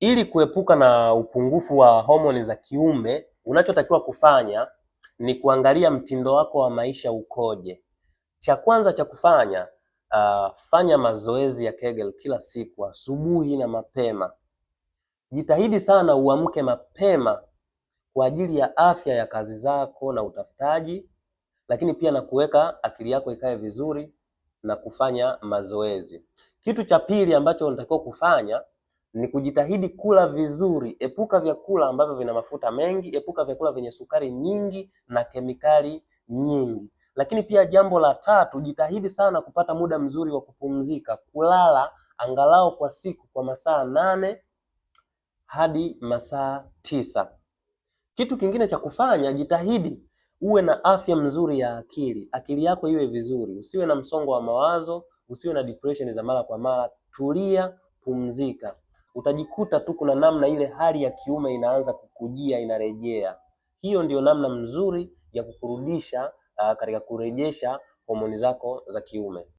Ili kuepuka na upungufu wa homoni za kiume, unachotakiwa kufanya ni kuangalia mtindo wako wa maisha ukoje. Cha kwanza cha kufanya uh, fanya mazoezi ya Kegel kila siku asubuhi na mapema. Jitahidi sana uamke mapema kwa ajili ya afya ya kazi zako na utafutaji, lakini pia na kuweka akili yako ikae vizuri na kufanya mazoezi. Kitu cha pili ambacho unatakiwa kufanya ni kujitahidi kula vizuri. Epuka vyakula ambavyo vina mafuta mengi, epuka vyakula vyenye sukari nyingi na kemikali nyingi. Lakini pia jambo la tatu, jitahidi sana kupata muda mzuri wa kupumzika, kulala angalau kwa siku kwa masaa nane hadi masaa tisa. Kitu kingine cha kufanya, jitahidi uwe na afya mzuri ya akili, akili yako iwe vizuri, usiwe na msongo wa mawazo, usiwe na depression za mara kwa mara. Tulia, pumzika utajikuta tu kuna namna ile hali ya kiume inaanza kukujia, inarejea. Hiyo ndiyo namna mzuri ya kukurudisha ah, katika kurejesha homoni zako za kiume.